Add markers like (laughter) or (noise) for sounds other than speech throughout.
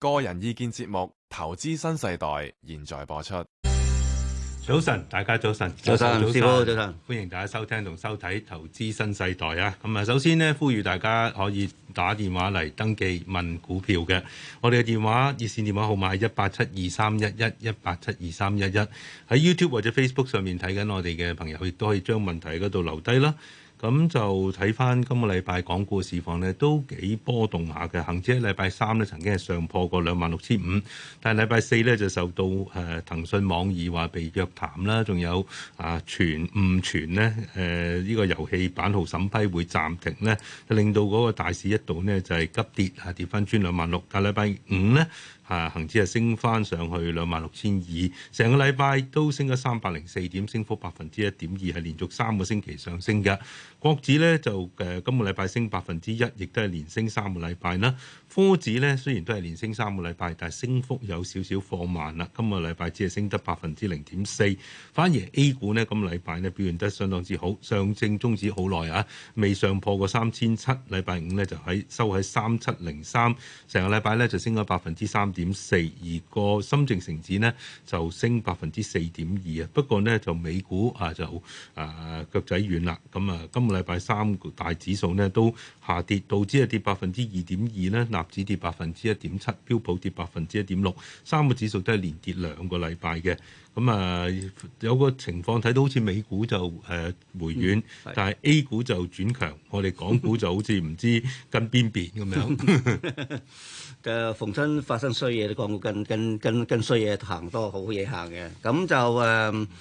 個人意見節目《投資新世代》現在播出。早晨，大家早晨，早晨，早晨，早晨，歡迎大家收聽同收睇《投資新世代》啊！咁啊，首先咧，呼籲大家可以打電話嚟登記問股票嘅，我哋嘅電話熱線電話號碼係一八七二三一一一八七二三一一。喺 YouTube 或者 Facebook 上面睇緊我哋嘅朋友，亦都可以將問題喺嗰度留低啦。咁就睇翻今個禮拜港股嘅市況咧，都幾波動下嘅。恒指喺禮拜三咧曾經係上破過兩萬六千五，但係禮拜四咧就受到誒、呃、騰訊網易話被約談啦，仲有啊傳唔傳咧誒呢個遊戲版號審批會暫停咧，就令到嗰個大市一度呢就係、是、急跌啊，跌翻穿兩萬六。但係禮拜五咧。啊，恒指係升翻上去兩萬六千二，成個禮拜都升咗三百零四點，升幅百分之一點二，係連續三個星期上升嘅。國指咧就誒、呃，今個禮拜升百分之一，亦都係連升三個禮拜啦。科指咧雖然都係連升三個禮拜，但係升幅有少少放慢啦。今個禮拜只係升得百分之零點四，反而 A 股呢，今個禮拜咧表現得相當之好，上證綜指好耐啊，未上破過三千七。禮拜五呢就喺收喺三七零三，成個禮拜咧就升咗百分之三點四，而個深證成指呢，就升百分之四點二啊。不過呢，就美股啊就啊腳仔軟啦，咁啊今個禮拜三大指數呢都下跌，導致係跌百分之二點二呢。指跌百分之一點七，標普跌百分之一點六，三個指數都係連跌兩個禮拜嘅。咁、嗯、啊，有個情況睇到好似美股就誒、呃、回軟，嗯、但係 A 股就轉強，我哋港股就好似唔知跟邊邊咁樣嘅。逢親發生衰嘢，都講過跟跟跟衰嘢行多，好嘢行嘅。咁就誒。嗯 (laughs)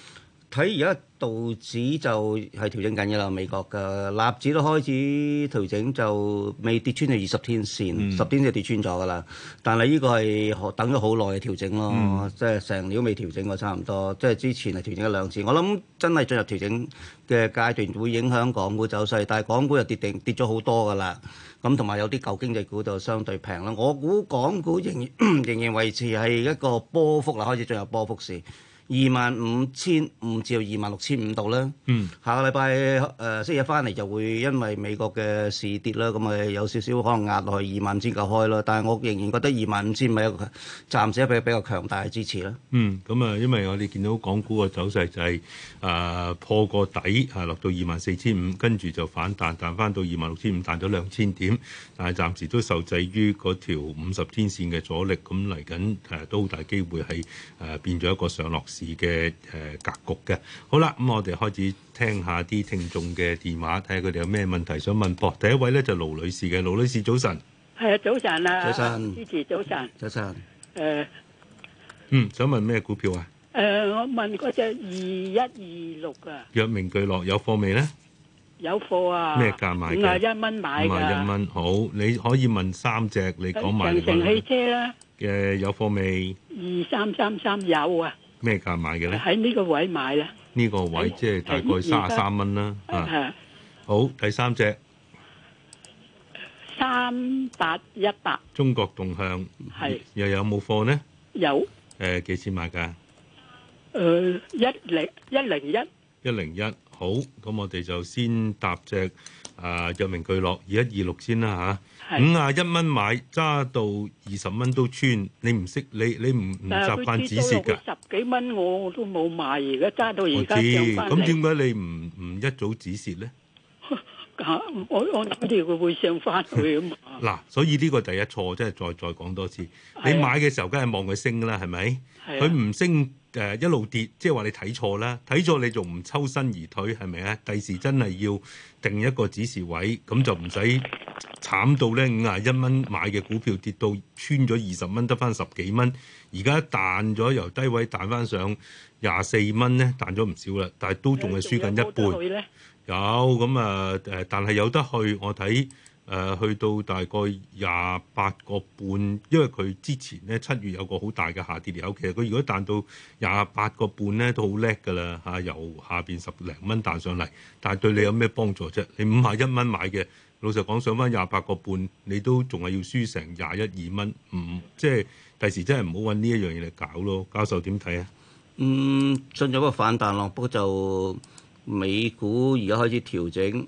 睇而家道指就係調整緊㗎啦，美國嘅納指都開始調整，就未跌穿係二十天線，十、嗯、天線跌穿咗㗎啦。但係呢個係等咗好耐嘅調整咯，嗯、即係成年未調整過差唔多。即係之前係調整咗兩次，我諗真係進入調整嘅階段會影響港股走勢，但係港股又跌定跌咗好多㗎啦。咁同埋有啲舊經濟股就相對平啦。我估港股仍然好 (coughs) 仍然維持係一個波幅啦，開始進入波幅市。二萬五千五至二萬六千五度啦，下個禮拜誒星期一翻嚟就會因為美國嘅市跌啦，咁咪有少少可能壓落去二萬五千嚿開啦。但係我仍然覺得二萬五千係一個暫時一比較強大嘅支持啦。嗯，咁啊，因為我哋見到港股嘅走勢就係、是、誒、呃、破個底啊，落到二萬四千五，跟住就反彈彈翻到二萬六千五，彈咗兩千點，但係暫時都受制於嗰條五十天線嘅阻力，咁嚟緊誒都好大機會係誒變咗一個上落嘅誒格局嘅，好啦，咁我哋開始聽下啲聽眾嘅電話，睇下佢哋有咩問題想問。噃第一位咧就盧女士嘅，盧女士早晨。係啊，早晨啊，主持早晨。早晨。誒，嗯，想問咩股票啊？誒，我問嗰隻二一二六啊。藥明巨諾有貨未咧？有貨啊。咩價買嘅？一蚊買㗎。一蚊好，你可以問三隻，你講埋。長城汽車啦。嘅有貨未？二三三三有啊。咩價買嘅咧？喺呢個位買啦。呢個位即係大概三十三蚊啦。吓，好，第三隻，三八一八。中國動向係又有冇貨呢？有。誒，幾錢買噶？誒，一零一零一。一零一，好，咁我哋就先搭隻。啊！藥明巨諾，二一二六先啦嚇，五啊一蚊的買揸到二十蚊都穿，你唔識你你唔唔是習慣止蝕㗎？十幾蚊我都冇賣，而家揸到而家又翻嚟。咁點解你唔唔一早止蝕咧？我我諗住佢會上翻去啊嘛。嗱，所以呢個第一錯真係再再講多次，的你買嘅時候梗係望佢升啦，係咪？佢唔的升。誒、呃、一路跌，即係話你睇錯啦，睇錯你仲唔抽身而退係咪啊？第時真係要定一個指示位，咁就唔使慘到咧五十一蚊買嘅股票跌到穿咗二十蚊，得翻十幾蚊。而家彈咗由低位彈翻上廿四蚊咧，彈咗唔少啦。但係都仲係輸緊一半。有咁啊誒，但係有得去，我睇。誒、呃、去到大概廿八個半，因為佢之前咧七月有個好大嘅下跌嚟，其實佢如果彈到廿八個半咧都好叻㗎啦嚇，由下邊十零蚊彈上嚟，但係對你有咩幫助啫？你五十一蚊買嘅，老實講上返廿八個半，5, 你都仲係要輸成廿一二蚊，唔、嗯、即係第時真係唔好揾呢一樣嘢嚟搞咯。教授點睇啊？嗯，進咗一個反彈浪，不過就美股而家開始調整。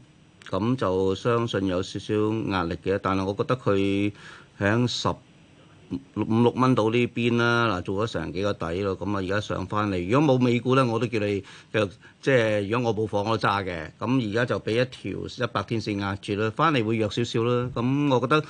咁就相信有少少壓力嘅，但係我覺得佢喺十五六蚊度呢邊啦，嗱做咗成幾個底咯，咁啊而家上翻嚟。如果冇美股咧，我都叫你嘅，即係、就是、如果我冇房，我都揸嘅。咁而家就俾一條一百天線壓住啦，翻嚟會弱少少啦。咁我覺得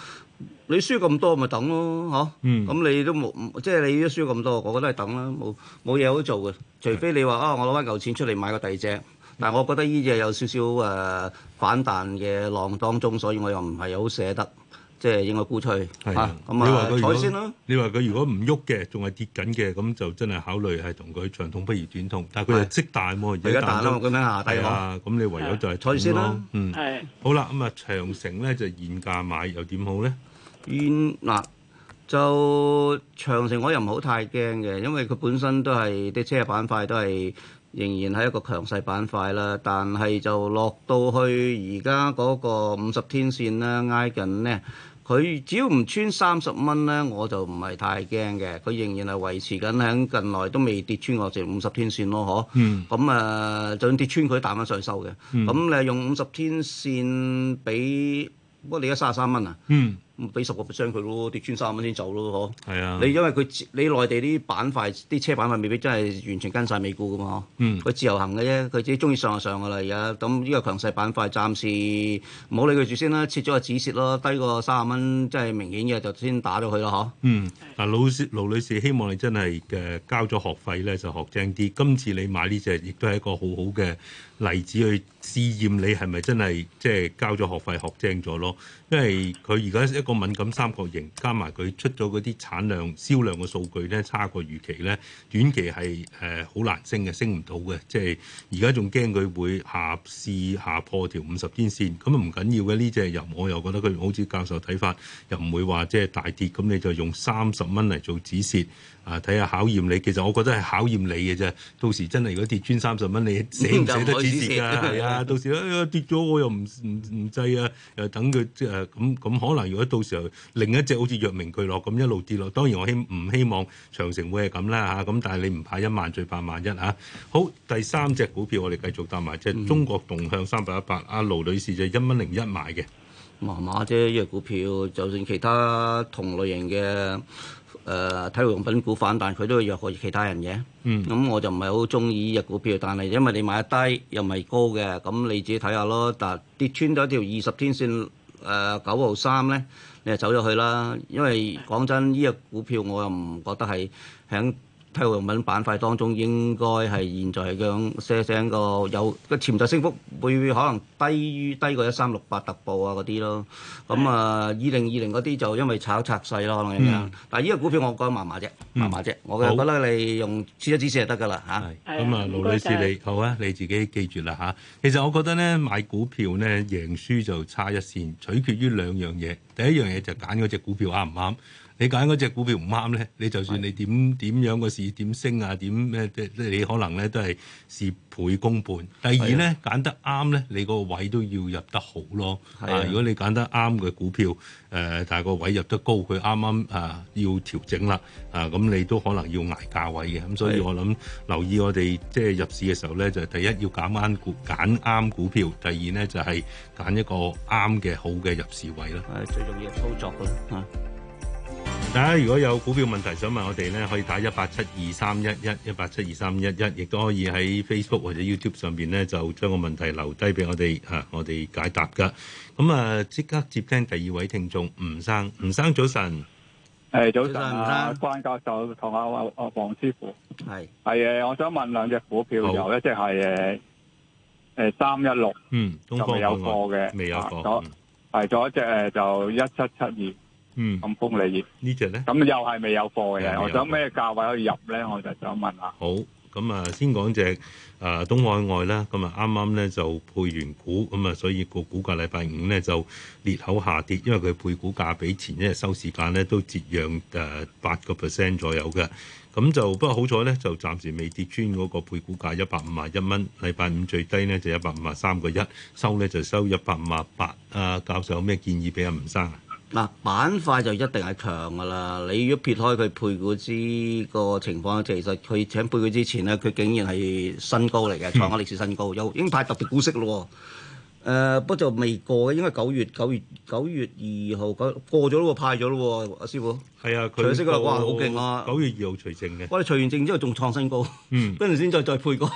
你輸咁多咪等咯，嚇、啊。咁、嗯、你都冇，即、就、係、是、你都輸咁多，我覺得係等啦，冇冇嘢好做嘅，除非你話啊，我攞翻嚿錢出嚟買個第二隻。但係我覺得呢只有少少誒、呃、反彈嘅浪當中，所以我又唔係好捨得，即係應該鼓吹。咁的啊，採先啦。你話佢如果唔喐嘅，仲係、啊、跌緊嘅，咁就真係考慮係同佢長痛不如短痛。但係佢又即大喎，而家大啦，咁樣下跌啊，咁的你唯有就係採先啦。的嗯，係、啊。嗯、的好啦，咁啊長城咧就現價買又點好咧？現嗱、啊、就長城，我又唔好太驚嘅，因為佢本身都係啲車,車板塊都係。仍然係一個強勢板塊啦，但係就落到去而家嗰個五十天線啦。挨近咧，佢只要唔穿三十蚊咧，我就唔係太驚嘅。佢仍然係維持緊喺近來都未跌穿我成五十天線咯，嗬、嗯嗯嗯。嗯。咁啊、嗯，就跌穿佢打返上收嘅。嗯。咁你係用五十天線畀，不過你而家三十三蚊啊。嗯。俾十個 percent 佢咯，跌穿卅蚊先走咯，嗬。係啊，你因為佢你內地啲板塊，啲車板塊未必真係完全跟晒美股噶嘛，嗯。佢自由行嘅啫，佢自己中意上就上噶啦，而家。咁呢個強勢板塊，暫時唔好理佢住先啦，切咗個止蝕咯，低過卅蚊即係明顯嘅就先打咗佢咯，嗬。嗯。嗱，女士，盧女士，希望你真係嘅、呃、交咗學費咧就學精啲，今次你買呢隻亦都係一個好好嘅。例子去試驗你係咪真係即係交咗學費學精咗咯？因為佢而家一個敏感三角形，加埋佢出咗嗰啲產量銷量嘅數據咧，差過預期咧，短期係誒好難升嘅，升唔到嘅。即係而家仲驚佢會下試下破條五十天線，咁唔緊要嘅。呢隻又我又覺得佢好似教授睇法，又唔會話即係大跌，咁你就用三十蚊嚟做止蝕。啊！睇下考驗你，其實我覺得係考驗你嘅啫。到時真係如果跌穿三十蚊，你捨唔捨得止跌㗎？係啊， (laughs) 到時誒、哎、跌咗我又唔唔唔制啊！誒等佢即係咁咁，可能如果到時候另一隻好似藥明俱落咁一路跌落，當然我希唔希望長城會係咁啦嚇。咁、啊、但係你唔怕一萬最怕萬一、啊、嚇。好，第三隻股票我哋繼續搭埋即係中國動向三百一八，阿盧女士就一蚊零一買嘅。麻麻啫，呢隻股票，就算其他同類型嘅誒、呃、體育用品股反彈，佢都會弱過其他人嘅。咁、嗯、我就唔係好中意呢隻股票，但係因為你買得低又唔係高嘅，咁你自己睇下咯。但跌穿咗一條二十天線誒九號三咧，呃、93，你就走咗去啦。因為講是真，呢隻股票我又唔覺得係響。體育用品板塊當中應該係現在係咁些聲個有個潛在升幅會,會可能低於低過一三六八特步啊嗰啲咯，咁啊二零二零嗰啲就因為炒拆細咯可能但係依個股票我覺得麻麻啫，麻麻啫，我覺得你用試一試就得㗎啦嚇。咁啊，盧、啊、女士謝謝、就是、你好啊，你自己記住啦嚇、啊。其實我覺得咧買股票咧贏輸就差一線，取決於兩樣嘢，第一樣嘢就揀嗰隻股票啱唔啱。合不合不合你揀嗰隻股票唔啱咧，你就算你點點樣個市點升啊，點咩即係你可能咧都係事倍功半。第二咧揀是的 得啱咧，你嗰個位都要入得好咯。是的 啊，如果你揀得啱嘅股票，誒、呃，但係個位入得高，佢啱啱誒要調整啦。啊，咁你都可能要捱價位嘅。咁所以我諗是的 留意我哋即係入市嘅時候咧，就係、第一是的 要揀啱股，揀啱股票；第二咧就係、係、揀一個啱嘅好嘅入市位啦。誒，最重要操作啦。啊。大家如果有股票問題想問我哋咧，可以打一八七二三一一一八七二三一一，亦都可以喺 Facebook 或者 YouTube 上邊咧，就將個問題留低俾我哋吓、啊，我哋解答噶。咁啊，即刻接聽第二位聽眾吳生，吳生早晨。誒，早晨，關教授同阿阿黃師傅。係係誒，我想問兩隻股票，好有一隻係誒誒三一六，嗯，東方有貨嘅，未有貨，係咗、啊、一隻誒，就一七七二。嗯，暗風利業呢隻咧，咁又係未有貨嘅。我想咩價位可以入咧，我就想問下。好，咁啊，先講隻誒東岸外啦。咁啊，啱啱咧就配完股，咁啊，所以個股價禮拜五咧就裂口下跌，因為佢配股價比前一日收市價咧都折讓誒八個 percent 左右嘅。咁就不過好彩咧，就暫時未跌穿嗰個配股價一百五十一蚊。禮拜五最低咧就一百五十三個一收咧就收一百五十八。阿教授有咩建議俾阿吳生啊？嗱，板塊就一定係強噶啦！你如果撇開佢配股之個情況，其實佢請配股之前咧，佢竟然係新高嚟嘅，創下歷史新高，嗯、又已經派特別股息咯喎！不過就未過嘅，應該九月九月九月二號，九過咗咯喎，派咗咯喎，阿師傅。係啊，佢派息啦，哇，好勁啊！九月二號除正嘅，我哋除完正之後仲創新高，跟住先再再配股，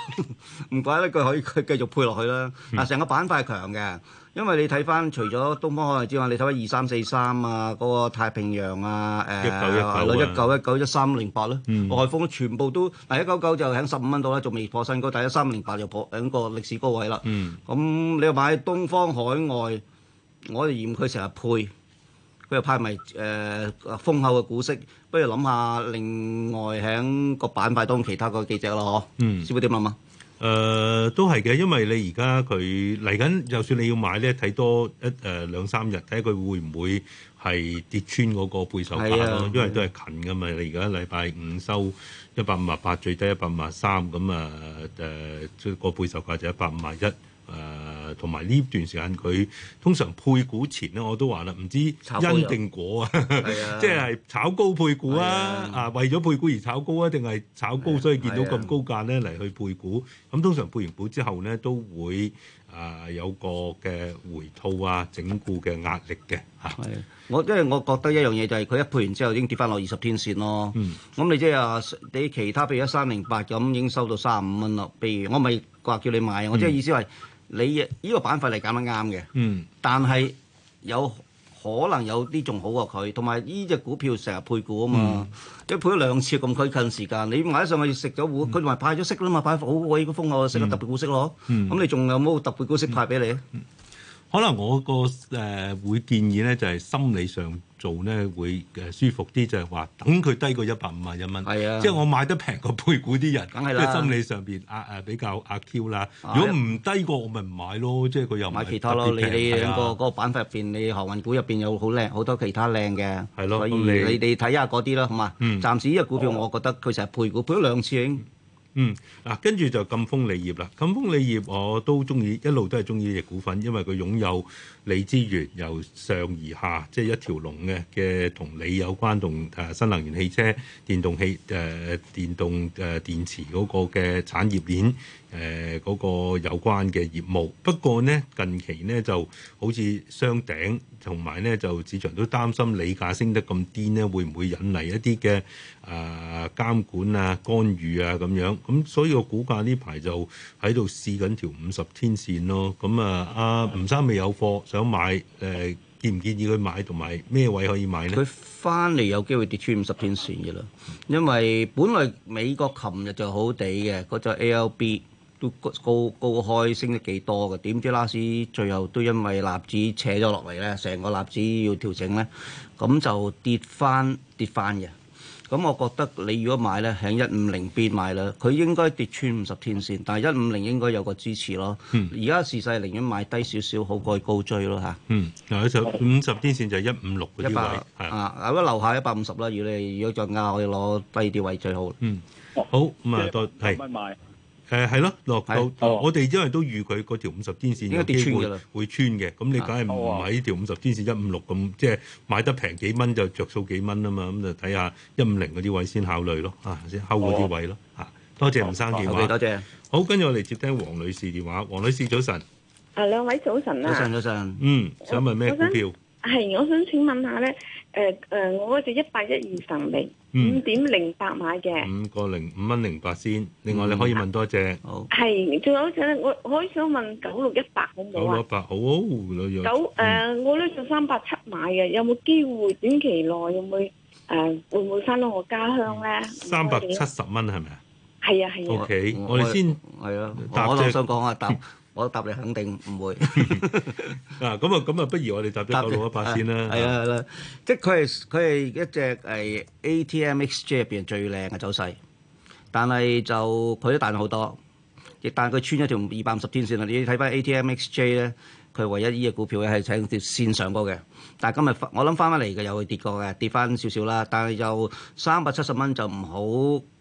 唔怪得佢可以繼續配落去啦！嗱，成個板塊係強嘅。因為你睇翻，除咗東方海外之外，你睇翻二三四三啊，嗰、那個太平洋啊，誒、呃，或者一九一九一三零八咧，海豐、嗯、全部都，嗱一九九就喺十五蚊度啦，仲未破新高，但一三零八就破喺個歷史高位啦。咁、嗯、你又買東方海外，我哋嫌佢成日配，佢又派埋誒豐厚嘅股息，不如諗下另外喺個板塊當其他幾隻啦，嗬？嗯、師傅點諗啊？誒、呃、都係嘅，因為你而家佢嚟緊，就算你要買咧，睇多一誒、呃、兩三日，睇下佢會唔會係跌穿嗰個配售價咯。啊、因為都係近嘅嘛，你而家禮拜五收一百五十八，最低一百五十三咁啊誒，出個配售價就一百五十一。誒，同埋呢段時間佢通常配股前咧，我都話啦，唔知因定果啊，即係 (laughs) 炒高配股啊，啊的為咗配股而炒高啊，定係炒高的所以見到咁高價呢嚟去配股。咁的通常配完股之後呢，都會啊、呃、有個嘅回吐啊整固嘅壓力嘅嚇。啊、的我因為我覺得一樣嘢就係、是、佢一配完之後已經跌翻落二十天線咯。咁、mm. 你即係啊，你其他譬如一三零八咁已經收到三十五蚊咯。譬如我咪話叫你買,你買我即係意思係。Mm. (music) 你呢個板塊嚟揀得啱嘅，嗯、但係有可能有啲仲好過佢，同埋呢隻股票成日配股啊嘛，嗯、一配咗兩次咁佢近時間，你買得上去食咗股，佢仲係派咗息啦嘛，派好鬼高風我食得特別股息咯，咁你仲有冇特別股息派俾你？可能我個誒、呃、會建議咧，就係、是、心理上。做咧會誒舒服啲，就係、是、話等佢低過一百五萬一蚊，啊、即係我買得平個配股啲人，即係心理上邊啊啊比較阿 Q 啦。如果唔低過，我咪唔買咯，即係佢又買其他咯。你你兩個嗰個板塊入邊，你航運股入邊有好靚好多其他靚嘅，啊、所以你你睇下嗰啲啦，好嘛？嗯、暫時呢個股票，我覺得佢成日配股，配咗兩次已經。嗯，嗱，跟住就贛鋒鋰業啦。贛鋒鋰業我都中意，一路都係中意呢隻股份，因為佢擁有鋰資源由上而下，即、就、係、是、一條龍嘅嘅同鋰有關，同誒新能源汽車、電動汽誒、呃、電動誒、呃、電池嗰個嘅產業鏈。誒嗰、呃那個有關嘅業務，不過呢近期呢就好似雙頂，同埋呢就市場都擔心理價升得咁癲呢會唔會引嚟一啲嘅誒監管啊、干預啊咁樣？咁、嗯、所以個股價呢排就喺度試緊條五十天線咯。咁、嗯、啊，阿吳生未有貨，想買誒、呃，建唔建議佢買同埋咩位可以買呢？佢翻嚟有機會跌穿五十天線嘅啦，因為本來美國琴日就好地嘅嗰隻 A O B。都高高開升，升得幾多嘅？點知拉斯最後都因為納指扯咗落嚟咧，成個納指要調整咧，咁就跌翻跌翻嘅。咁我覺得你如果買咧，喺一五零邊買啦，佢應該跌穿五十天線，但係一五零應該有個支持咯。而家時勢寧願買低少少，好過高追咯吓，啊、嗯。嗱，就五十天線就一五六一百。位係 100, 的啊。啊，咁留下一百五十啦，如果你如果再啱可以攞低啲位最好。嗯。好，咁啊，嗯、麼多係。的的誒係咯，落到我哋因為都預佢嗰條五十天線有機會會穿嘅，咁你梗係唔買呢條五十天線一五六咁，即、就、係、係、買得平幾蚊就着數幾蚊啊嘛，咁、嗯、就睇下一五零嗰啲位先考慮咯，啊先睺嗰啲位咯，啊，啊多謝吳生電話，啊、多謝。好，跟住我哋接聽黃女士電話，黃女士早晨。啊，兩位早晨啦。早晨早晨，嗯，想問咩股票？係，我想請問下咧，誒、呃、誒、呃，我哋一,一百一二十零。五點零八買嘅，五個零五蚊零八先。另外你可以問多隻，係，仲有一隻我我想問九六一百好唔好啊？九六一百好，九誒，我呢就三百七買嘅，有冇機會短期內有冇誒會唔會翻到我家鄉咧？三百七十蚊係咪啊？係啊係啊。O K，我哋先，我攞上講我答。我答你肯定唔會啊！咁啊，咁啊，不如我哋集啲舊路一拍先啦。係啊係啦，即係佢係佢係一隻係 A T M X J 入邊最靚嘅走勢，但係就佢都彈咗好多，亦但係佢穿咗條二百五十天線啦。你要睇翻 A T M X J 咧，佢唯一依隻股票咧係喺條線上波嘅，但係今日我諗翻翻嚟嘅又會跌過嘅，跌翻少少啦。但係就三百七十蚊就唔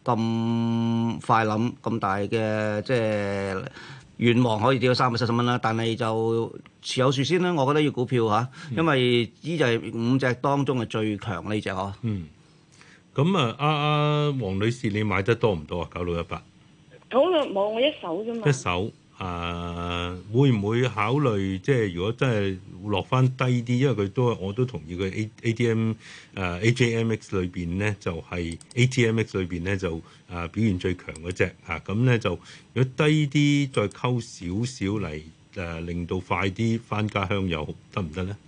好咁快諗咁大嘅，即係。願望可以跌到三百七十蚊啦，但係就持有住先啦。我覺得要股票吓，因為依就係五隻當中嘅最強呢隻嗬。嗯，咁啊，阿阿黃女士，你買得多唔多啊？九六一八，九六冇我一手啫嘛。一手。啊，uh, 會唔會考慮即係如果真係落翻低啲，因為佢都我都同意佢 A T M 誒、uh, A J M X 裏邊咧，就係、是、A T M X 裏邊咧就啊、uh, 表現最強嗰隻啊，咁、uh, 咧就如果低啲再溝少少嚟誒，uh, 令到快啲翻家鄉又得唔得咧？行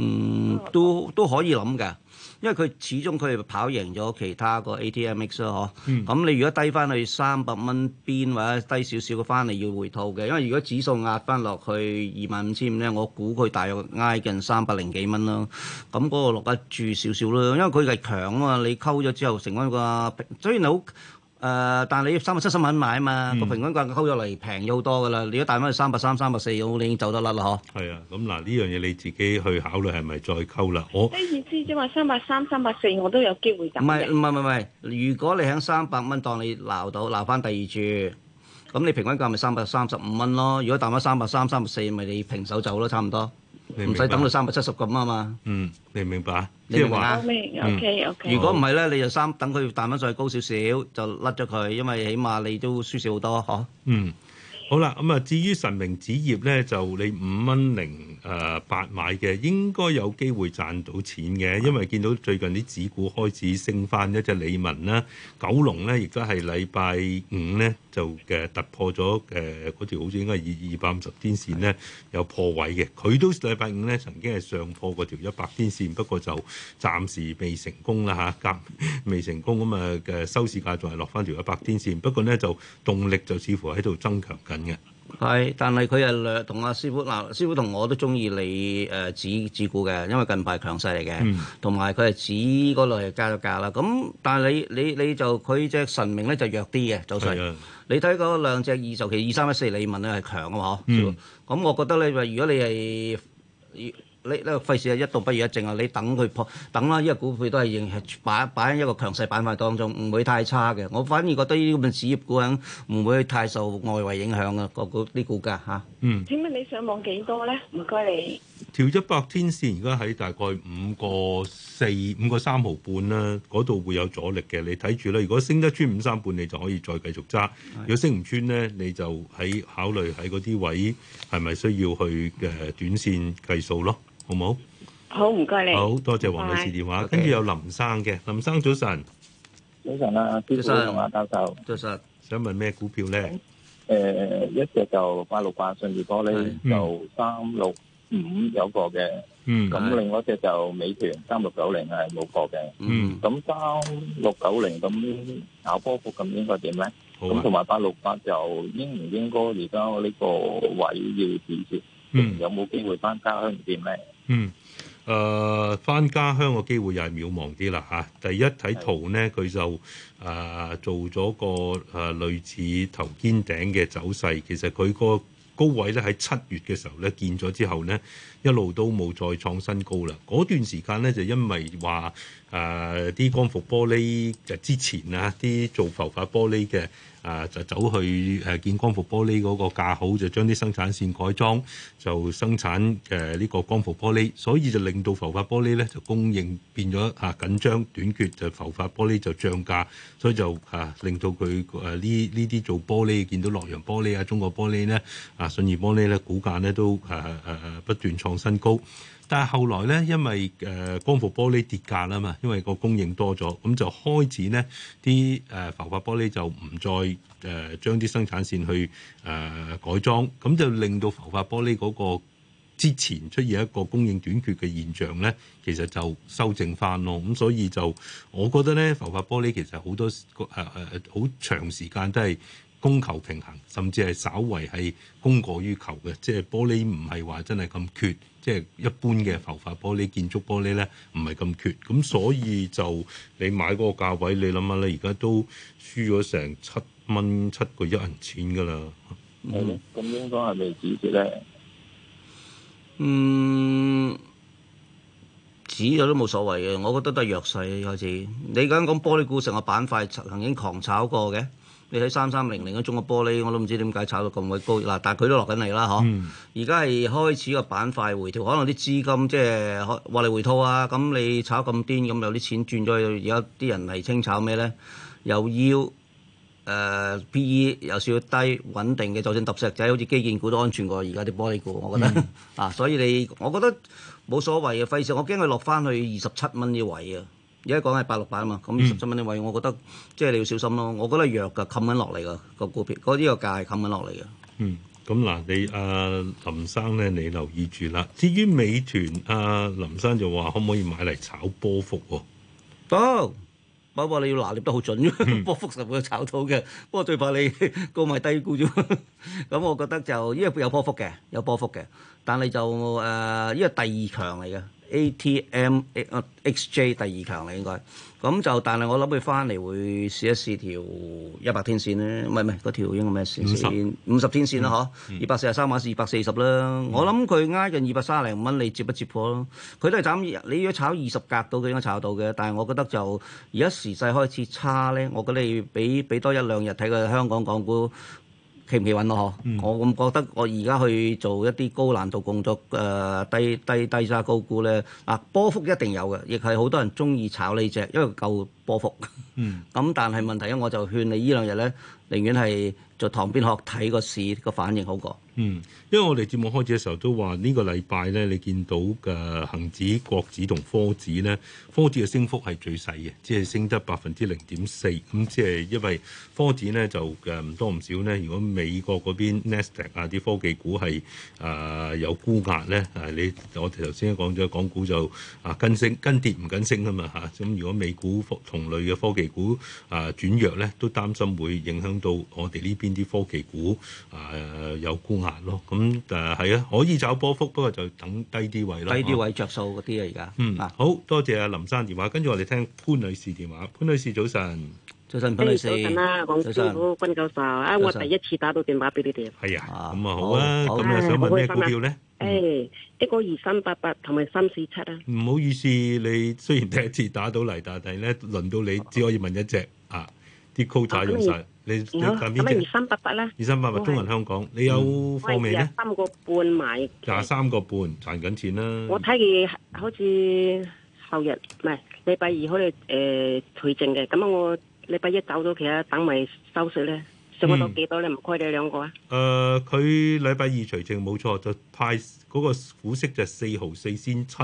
嗯，都都可以諗嘅，因為佢始終佢係跑贏咗其他個 ATM X 咯、啊，嗬、嗯。咁你如果你低翻去三百蚊邊或者低少少嘅翻，你要回套嘅，因為如果指數壓翻落去二萬五千五咧，我估佢大約挨近三百零幾蚊咯。咁、啊、嗰、那個落得住少少咯，因為佢係強啊嘛，你溝咗之後成個，所以你好。誒，uh, 但係你三百七十蚊買啊嘛，個、嗯、平均價溝咗嚟平咗好多噶啦。如果彈翻去三百三、三百四，我已經走得甩啦，嗬？係啊，咁嗱，呢樣嘢你自己去考慮係咪再溝啦？我、oh. 意思即係話三百三、三百四，我都有機會咁。唔係唔係唔係，如果你喺三百蚊當你撈到撈翻第二注，咁你平均價咪三百三十五蚊咯。如果彈翻三百三、三百四，咪你平手走咯，差唔多。唔使等到三百七十咁啊嘛，嗯，你明唔明白啊？即係明 OK OK。如果唔係咧，你就三等佢彈返再高少少，就甩咗佢，因為起碼你都輸少好多，嗬？嗯。好啦，咁啊，至於神明紙業咧，就你五蚊零誒八買嘅，應該有機會賺到錢嘅，因為見到最近啲紙股開始升翻，一隻理文啦，九龍咧，亦都係禮拜五咧就嘅突破咗誒嗰條好似應該係二二百五十天線咧有破位嘅，佢都禮拜五咧曾經係上破嗰條一百天線，不過就暫時未成功啦嚇，未成功咁啊嘅收市價仲係落翻條一百天線，不過咧就動力就似乎喺度增強緊。係，但係佢係略同阿師傅嗱，師傅同我都中意你誒、呃、指指股嘅，因為近排強勢嚟嘅，同埋佢係指個類係加咗價啦。咁但係你你你就佢隻神明咧就弱啲嘅走勢。早晨的你睇嗰兩隻二就其二三一四，你問咧係強啊嘛？咁我覺得你，話如果你係。呢你費事一動不如一靜啊！你等佢破等啦，因為股票都係影係擺擺喺一個強勢板塊當中，唔會太差嘅。我反而覺得呢啲咁嘅產業股唔會太受外圍影響個啊！嗰嗰啲股價嚇。嗯。請問？你上網幾多咧？唔該你。調一百天線而家喺大概五個四五個三毫半啦，嗰度會有阻力嘅。你睇住啦，如果升得穿五三半，你就可以再繼續揸；的如果升唔穿咧，你就喺考慮喺嗰啲位係咪需要去嘅短線計數咯。好唔好？好唔該你。好多謝黃女士電話，跟住有林生嘅，林生早晨，早晨啊，資深嘅馬教授，早晨。想問咩股票咧？誒，一隻就八六八信義玻璃，就三六五有過嘅，嗯，咁另外一隻就美團三六九零係冇過嘅，嗯，咁三六九零咁炒波幅咁應該點咧？咁同埋八六八就應唔應該而家呢個位要止蝕？嗯，有冇機會翻家鄉點咧？嗯，誒、呃、翻家鄉個機會又係渺茫啲啦嚇。第一睇圖咧，佢就誒、呃、做咗個誒、呃、類似頭肩頂嘅走勢。其實佢個高位咧喺七月嘅時候咧見咗之後咧，一路都冇再創新高啦。嗰段時間咧就因為話。誒啲、呃、光伏玻璃就之前啊，啲做浮法玻璃嘅啊就走去誒見光伏玻璃嗰個價好，就將啲生產線改裝，就生產誒呢個光伏玻璃，所以就令到浮法玻璃咧就供應變咗嚇緊張短缺，就浮法玻璃就漲價，所以就嚇、啊、令到佢誒呢呢啲做玻璃見到洛陽玻璃啊、中國玻璃咧啊、信義玻璃咧股價咧都誒、啊、誒不斷創新高。但係後來咧，因為誒光伏玻璃跌價啦嘛，因為個供應多咗，咁就開始呢啲誒浮法玻璃就唔再誒將啲生產線去誒改裝，咁就令到浮法玻璃嗰個之前出現一個供應短缺嘅現象咧，其實就修正翻咯。咁所以就我覺得咧，浮法玻璃其實好多誒誒好長時間都係供求平衡，甚至係稍為係供過於求嘅，即係玻璃唔係話真係咁缺。即係一般嘅浮法玻璃、建築玻璃咧，唔係咁缺，咁所以就你買嗰個價位，你諗下咧，而家都輸咗成七蚊七個一銀錢噶啦。冇、嗯，咯，咁應該係未止跌咧。嗯，指咗都冇所謂嘅，我覺得都係弱勢開始。你咁樣講玻璃股成個板塊曾經狂炒過嘅。你睇三三零零中國嘅玻璃，我都唔知點解炒到咁鬼高嗱、啊，但係佢都落緊嚟啦嗬。而家係開始個板塊回調，可能啲資金即係獲利回吐啊。咁你炒咁癲，咁有啲錢轉咗去，而家啲人係清炒咩咧？又要誒、呃、PE 有少少低，穩定嘅，就算揼石仔，好似基建股都安全過而家啲玻璃股，我覺得、嗯、啊。所以你，我覺得冇所謂嘅，費事我驚佢落翻去二十七蚊嘅位啊。而家講係八六八啊嘛，咁十七蚊一位，我覺得、嗯、即係你要小心咯。我覺得係弱噶，冚緊落嚟噶個股票，嗰、這、啲個價係冚緊落嚟嘅。嗯，咁嗱，你、啊、阿林生咧，你留意住啦。至於美團，阿、啊、林生就話可唔可以買嚟炒波幅喎、哦？不過、哦、你要拿捏得好準，嗯、波幅就會炒到嘅。不過最怕你高位低估咗。咁我覺得就因為有波幅嘅，有波幅嘅，但係就誒依個第二強嚟嘅。A T M X J 第二強啦，應該咁就，但係我諗佢翻嚟會試一試條一百天線咧，唔係唔係嗰條應該咩線？五十天線啦，嗬24，二百四十三碼二百四十啦。嗯、我諗佢挨近二百三零五蚊，你接不接破咯？佢都係斬，你要炒二十格到，佢應該炒到嘅。但係我覺得就而家時勢開始差咧，我覺得你俾俾多一兩日睇佢香港港股。企唔企穩咯嗬，騎騎嗯、我咁覺得，我而家去做一啲高難度工作，誒、呃、低低低揸高估咧，啊波幅一定有嘅，亦係好多人中意炒呢隻，因為夠波幅。咁、嗯嗯、但係問題咧，我就勸你兩呢兩日咧。寧願係在旁邊學睇個市個反應好過。嗯，因為我哋節目開始嘅時候都話、這個、呢個禮拜咧，你見到嘅恒指、國指同科指咧，科指嘅升幅係最細嘅，即係升得百分之零點四。咁即係因為科指咧就誒唔多唔少咧，如果美國嗰邊 Nasdaq 啊啲科技股係誒、啊、有沽壓咧，誒、啊、你我哋頭先講咗港股就啊跟升跟跌唔跟升嘛啊嘛嚇。咁如果美股同類嘅科技股啊轉弱咧，都擔心會影響。到我哋呢邊啲科技股啊有沽壓咯，咁誒係啊，可以找波幅，不過就等低啲位啦。啊、低啲位着數嗰啲啊，而、啊、家嗯好多謝啊林生電話，跟住我哋聽潘女士電話。潘女士早晨，早晨潘女士，早晨啊，黃君好，訓啊晨，我第一次打到電話俾你哋。係啊，咁啊，啊好啊，咁啊晨想問咩股票咧？誒一個二三八八同埋三四七啊。唔、哎嗯、好意思，你雖然第一次打到嚟，但係咧輪到你只可以問一隻啊，啲、那個、quota 用晒、啊。你近邊即二三八八咧？二三八八二三八八中銀香港，嗯、你有貨未？咧？三個半買，廿三個半賺緊錢啦！我睇佢好似後日唔係禮拜二可以誒除淨嘅，咁、呃、啊我禮拜一走咗，其他等咪收息咧，收唔到幾多咧？唔虧你兩個啊！誒、嗯，佢禮拜二除淨冇錯，就派嗰、那個股息就四毫四先七。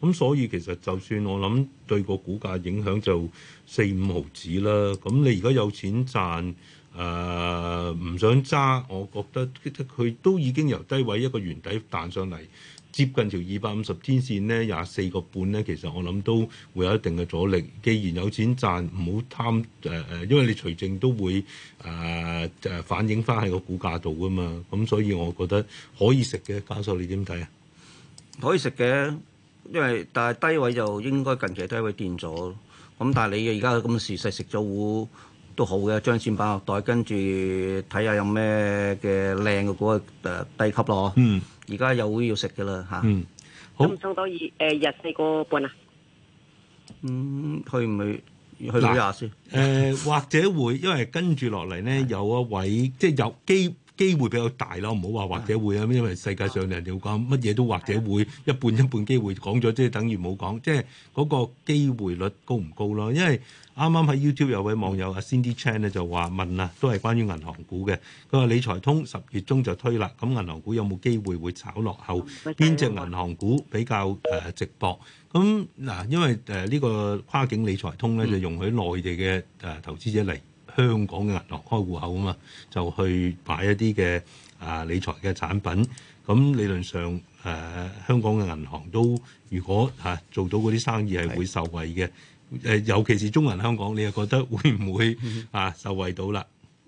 咁所以其實就算我諗對個股價影響就四五毫子啦。咁你如果有錢賺，誒、呃、唔想揸，我覺得佢都已經由低位一個圓底彈上嚟，接近條二百五十天線呢，廿四個半呢，其實我諗都會有一定嘅阻力。既然有錢賺，唔好貪誒誒，因為你除淨都會誒誒、呃、反映翻喺個股價度噶嘛。咁所以我覺得可以食嘅，教授你點睇啊？可以食嘅。因為但係低位就應該近期都係位跌咗，咁、嗯、但係你而家咁時勢食咗股都好嘅，將錢包落袋，跟住睇下有咩嘅靚嘅股誒低級咯，嗯，而家有股要食嘅啦嚇。嗯，好。唔收到二誒日四個半啊。嗯，去唔去去睇下先？誒喇、 (laughs) 呃、或者會，因為跟住落嚟呢，的有一位，即係有機。機會比較大咯，唔好話或者會啊，因為世界上人哋講乜嘢都或者會一半一半機會講咗，即係等於冇講，即係嗰個機會率高唔高咯？因為啱啱喺 YouTube 有位網友阿 Cindy Chan 咧就話問啊，都係關於銀行股嘅，佢話理財通十月中就推啦，咁銀行股有冇機會會炒落後？邊隻銀行股比較誒值博？咁嗱，因為誒呢個跨境理財通咧就容許內地嘅誒投資者嚟。香港嘅銀行開戶口啊嘛，就去擺一啲嘅啊理財嘅產品。咁理論上，誒、啊、香港嘅銀行都如果嚇、啊、做到嗰啲生意係會受惠嘅。誒的尤其是中銀香港，你又覺得會唔會、嗯、啊受惠到啦？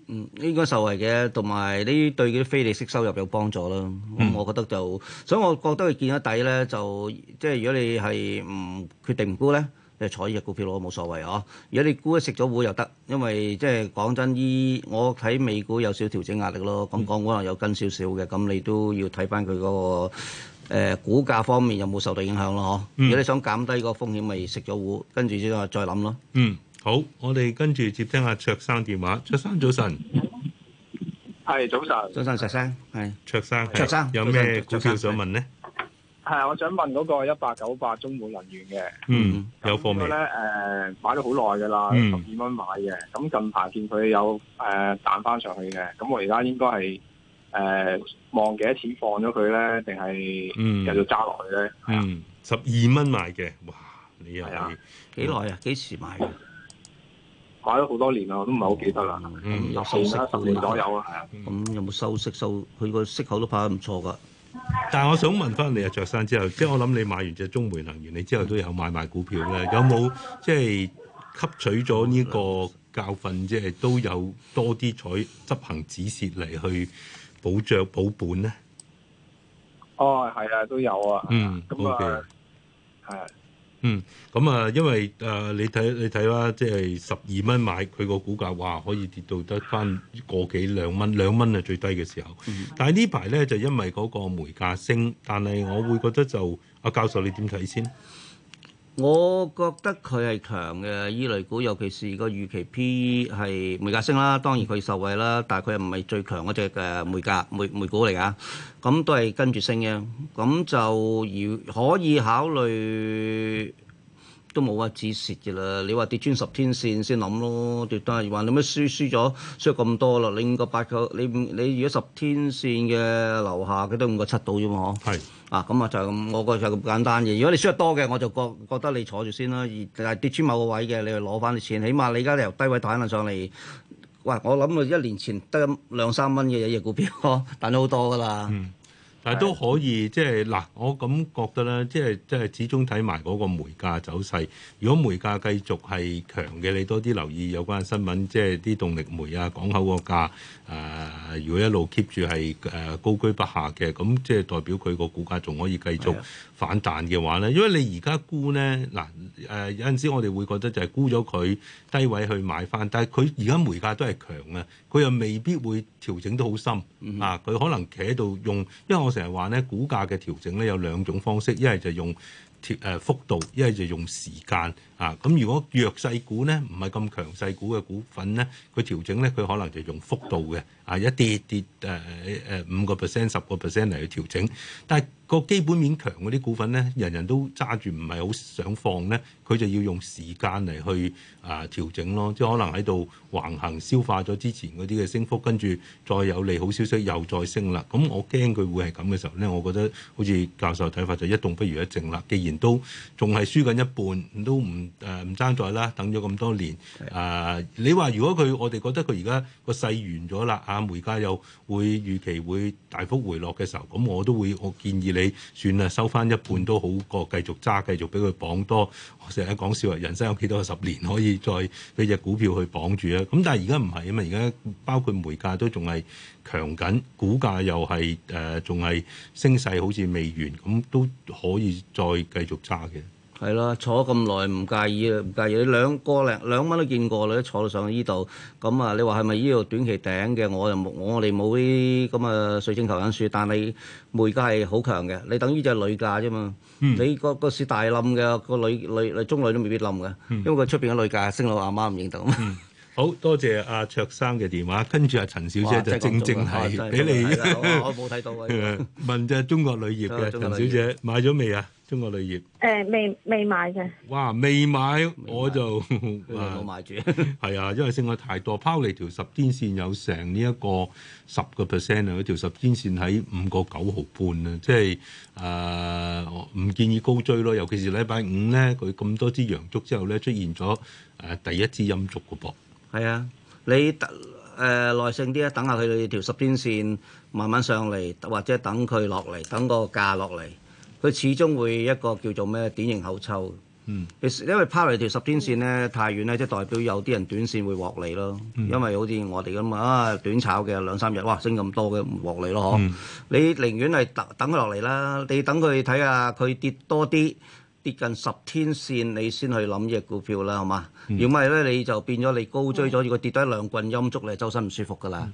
嗯，應該受惠嘅，同埋呢對嗰啲非利息收入有幫助啦。嗯、我覺得就，所以我覺得佢見咗底咧，就即係如果你係唔決定唔沽咧。即係采呢隻股票咯冇所謂哦。如果你估一食咗糊又得，因為即係講真，依我睇美股有少少調整壓力咯港股可能有跟少少嘅，咁你都要睇翻佢嗰個誒、呃、股價方面有冇受到影響咯嗯、如果你想減低個風險，咪食咗糊，跟住之後再諗咯嗯，好，我哋跟住接聽下卓生電話。卓生早晨，係早晨，早晨卓生，係卓生，是卓生，有咩股票想問咧？是係啊，我想問嗰個一八九八中煤能源嘅，嗯，有冇？未？咧，誒，買咗好耐噶啦，十二蚊買嘅，咁近排見佢有誒彈翻上去嘅，咁我而家應該係誒望幾多錢放咗佢咧，定係繼續揸落去咧？係啊，十二蚊買嘅，哇，你又係幾耐啊？幾時買嘅？買咗好多年啦，我都唔係好記得啦，嗯。有修十年左右啊。係啊，咁有冇收息？收佢個息口都拍得唔錯噶。但係我想問翻你啊，卓生之後，即係我諗你買完隻中煤能源，你之後都有買賣股票咧，有冇即係吸取咗呢個教訓，即係都有多啲採執行止蝕嚟去保障保本咧？哦，係啊，都有啊，嗯，股票係。嗯，咁、嗯、啊，因為誒、呃、你睇你睇啦，即係十二蚊買佢個股價，哇，可以跌到得翻個幾兩蚊，兩蚊係最低嘅時候。但係呢排呢，就因為嗰個煤價升，但係我會覺得就阿、啊、教授你點睇先？我覺得佢係強嘅依類股，尤其是個預期 P E 係煤價升啦，當然佢受惠啦，但係佢又唔係最強嗰隻嘅煤價煤煤股嚟㗎、啊，咁都係跟住升嘅，咁就要可以考慮。都冇話止蝕嘅啦，你話跌穿十天線先諗咯。跌得係話你乜輸輸咗，輸咗咁多啦，你五個八個，你你，你如果十天線嘅樓下，佢都五個七到啫嘛嗬？係啊，咁啊就係、是、咁，我覺得就係咁簡單嘅。如果你輸得多嘅，我就覺得覺得你坐住先啦。而係跌穿某個位嘅，你攞翻啲錢，起碼你而家由低位彈翻上嚟。喂，我諗啊，一年前得兩三蚊嘅有隻股票，嗬，彈咗好多㗎啦。但係都可以，即係嗱，我咁覺得啦，即係即係始終睇埋嗰個煤價走勢，如果煤價繼續係強嘅，你多啲留意有關新聞，即係啲動力煤啊，港口個價。啊、呃。如果一路 keep 住係誒高居不下嘅，咁即係代表佢個股價仲可以繼續反彈嘅話，咧，因為你而家沽咧嗱誒有陣時我哋會覺得就係沽咗佢低位去買翻，但係佢而家煤價都係強啊，佢又未必會調整得好深啊。佢可能企喺度用，因為我成日話咧，股價嘅調整咧有兩種方式，一係就用誒幅度，一係就用時間。啊，咁如果弱勢股咧，唔係咁強勢股嘅股份咧，佢調整咧，佢可能就用幅度嘅。啊一跌跌誒誒五個 percent、十個 percent 嚟去調整。但係個基本面強嗰啲股份咧，人人都揸住唔係好想放咧，佢就要用時間嚟去啊調整咯。即係可能喺度橫行消化咗之前嗰啲嘅升幅，跟住再有利好消息又再升啦。咁我驚佢會係咁嘅時候咧，我覺得好似教授睇法就一動不如一靜啦。既然都仲係輸緊一半，都唔～誒唔爭在啦，等咗咁多年，啊、呃！你話如果佢，我哋覺得佢而家個勢完咗啦，啊煤價又會預期會大幅回落嘅時候，咁我都會，我建議你算啦，收翻一半都好過繼續揸，繼續俾佢綁多。我成日講笑話，人生有幾多十年可以再俾隻股票去綁住呀？咁但係而家唔係啊嘛，而家包括煤價都仲係強緊，股價又係誒，仲、呃、係升勢好似未完，咁都可以再繼續揸嘅。係啦，坐咁耐唔介意啊，唔介意。你兩個零兩蚊都見過啦，你都坐到上呢度咁啊！你話係咪呢度短期頂嘅？我又冇，我哋冇啲咁啊，水晶頭眼樹。但係煤價係好強嘅，你等於就係鋁價啫嘛。你個個市大冧嘅個鋁鋁，你中鋁都未必冧嘅，因為佢出邊嘅鋁價升到阿媽唔認得。好多謝阿卓生嘅電話，跟住阿陳小姐就正正係俾你。我冇睇到啊！問就係中國鋁業嘅陳小姐買咗未啊？中國鋁業，誒、嗯、未未買嘅。哇，未買我就冇買住，係啊，因為升得太多，拋離條十天線有成呢一個十個 percent 啊！嗰條十天線喺五個九毫半啊，即係誒我唔建議高追咯，尤其是禮拜五咧，佢咁多支陽燭之後咧，出現咗誒、呃、第一支陰燭個噃。係啊，你誒、呃、耐性啲啊，等下佢條十天線慢慢上嚟，或者等佢落嚟，等個價落嚟。佢始終會一個叫做咩典型口抽。嗯、因為拋嚟條十天線咧太遠咧，即係代表有啲人短線會獲利咯。嗯、因為好似我哋咁啊，短炒嘅兩三日哇，升咁多嘅唔獲利咯嗬。嗯、你寧願係等等佢落嚟啦，你等佢睇下佢跌多啲，跌近十天線你先去諗呢隻股票啦，係嘛？如果唔係咧，你就變咗你高追咗，嗯、如果跌低一兩棍陰燭，你周身唔舒服噶啦。嗯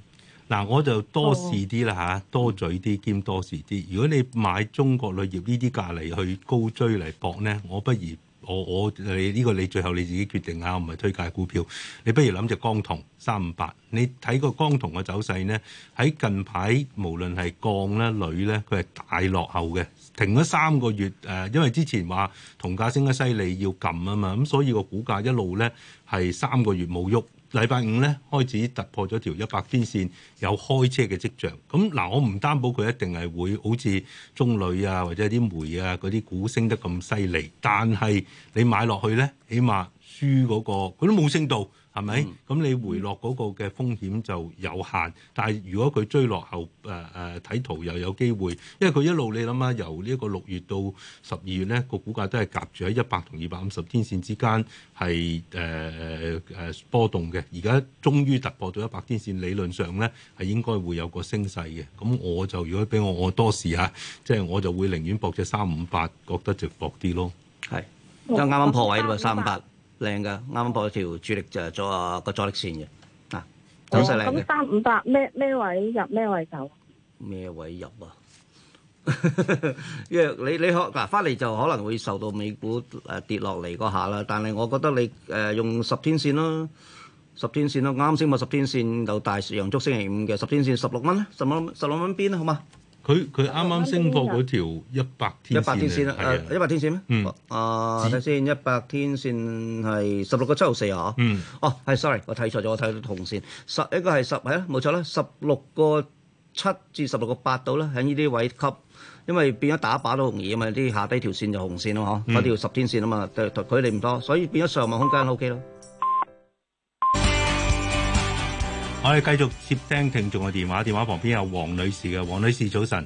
嗱，我就多試啲啦嚇，多嘴啲兼多試啲。如果你買中國鋁業呢啲價嚟去高追嚟搏呢，我不如我我你呢、呢個你最後你自己決定啊，我唔係推介股票。你不如諗隻江銅三五八。你睇個江銅嘅走勢呢，喺近排無論係鋼咧、鋁呢，佢係大落後嘅，停咗三個月誒、呃，因為之前話銅價升得犀利要撳啊嘛，咁所以個股價一路呢，係三個月冇喐。禮拜五咧開始突破咗條一百天線，有開車嘅跡象。咁嗱，我唔擔保佢一定係會好似中旅啊或者啲煤啊嗰啲股升得咁犀利，但係你買落去咧，起碼輸嗰個佢都冇升到。係咪？咁你回落嗰個嘅風險就有限，但係如果佢追落後，誒誒睇圖又有機會，因為佢一路你諗下由呢一個六月到十二月咧，個股價都係夾住喺一百同二百五十天線之間係誒誒波動嘅。而家終於突破到一百天線，理論上咧係應該會有個升勢嘅。咁我就如果俾我我多試下，即係我就會寧願博隻三五八，覺得直博啲咯。係，因為啱啱破位啦，三五八，靚噶，啱啱破咗條主力就係個阻力線嘅，啊，走勢靚嘅。咁三五百咩咩位入咩位走？咩位入喎？因為你你可嗱翻嚟就可能會受到美股誒跌落嚟嗰下啦，但係我覺得你誒用十天線咯，十天線咯，啱先嘛十天線夠大陽燭星期五嘅十天線十六蚊咧，十蚊十六蚊邊啦，好嘛？佢佢啱啱升破嗰條一百天，一百天線啦，誒一百天線咩？是啊睇先一百天線係十六個七毫四啊，看看嗯，哦係、啊、sorry，我睇錯咗，我睇到紅線，十一個係十係啦，冇錯啦，十六個七至十六個八度啦，喺呢啲位吸，因為變咗打靶都容易、嗯、啊嘛，啲下低條線就紅線咯，嗬，嗰條十天線啊嘛，距離唔多，所以變咗上落空間 O K 咯。我哋繼續接聽聽眾嘅電話，電話旁邊有黃女士嘅。黃女士早晨，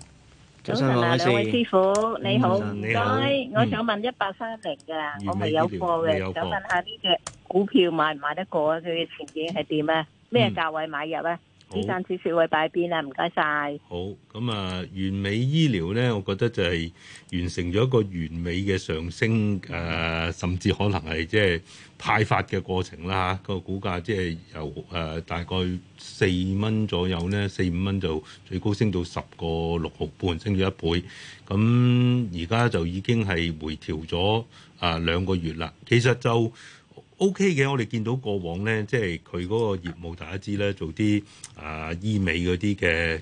早晨啊，晨兩位師傅晨你好，唔該，煩我想問一八三零嘅，我咪有貨嘅，想問下呢隻、這個、股票買唔買得過啊？佢嘅前景係點啊？咩價位買入啊？呢彈指數會擺邊啊？唔該晒。好，咁啊，完美醫療咧，我覺得就係完成咗一個完美嘅上升，誒、呃，甚至可能係即係。派發嘅過程啦，佢個股價即係由誒、呃、大概四蚊左右咧，四五蚊就最高升到十個六毫半，升咗一倍。咁而家就已經係回調咗啊、呃、兩個月啦。其實就 O K 嘅，我哋見到過往咧，即係佢嗰個業務大家知咧，做啲啊、呃、醫美嗰啲嘅